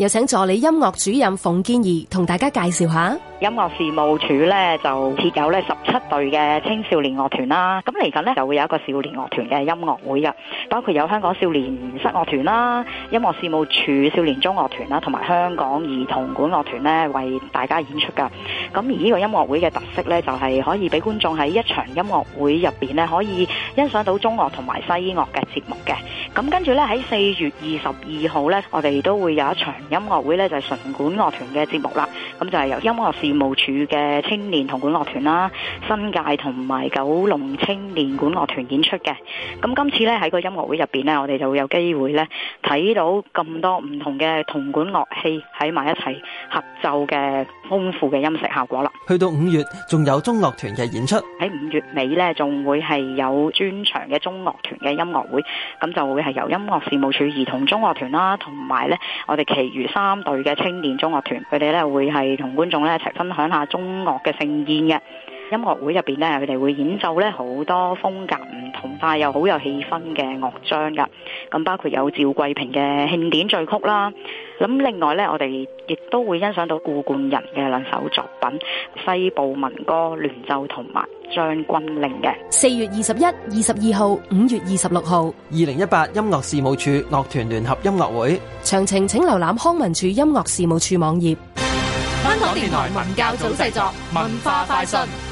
有請助理音樂主任馮堅儀同大家介紹下，音樂事務處呢就設有呢十七隊嘅青少年樂團啦。咁嚟緊呢，就會有一個少年樂團嘅音樂會噶，包括有香港少年室樂團啦、音樂事務處少年中樂團啦，同埋香港兒童管樂團呢為大家演出噶。咁而呢個音樂會嘅特色呢，就係、是、可以俾觀眾喺一場音樂會入邊呢，可以欣賞到中樂同埋西樂嘅節目嘅。咁跟住呢，喺四月二十二號呢，我哋都會有一場。音樂會咧就係純管樂團嘅節目啦，咁就係由音樂事務處嘅青年銅管樂團啦、新界同埋九龍青年管樂團演出嘅。咁今次咧喺個音樂會入邊咧，我哋就會有機會咧睇到咁多唔同嘅銅管樂器喺埋一齊合奏嘅豐富嘅音色效果啦。去到五月仲有中樂團嘅演出，喺五月尾咧仲會係有專場嘅中樂團嘅音樂會，咁就會係由音樂事務處兒童中樂團啦，同埋咧我哋其。如三隊嘅青年中樂團，佢哋咧會係同觀眾咧一齊分享下中樂嘅盛宴嘅。音樂會入邊咧，佢哋會演奏咧好多風格唔同，但係又好有氣氛嘅樂章噶。咁包括有趙季平嘅慶典序曲啦。咁另外咧，我哋亦都會欣賞到顧冠仁嘅兩首作品《西部民歌聯奏》同埋《將軍令》嘅。四月二十一、二十二號，五月二十六號，二零一八音樂事務處樂團聯合音樂會，詳情請瀏覽康文署音樂事務處網頁。香港電台文教組製作，文化快訊。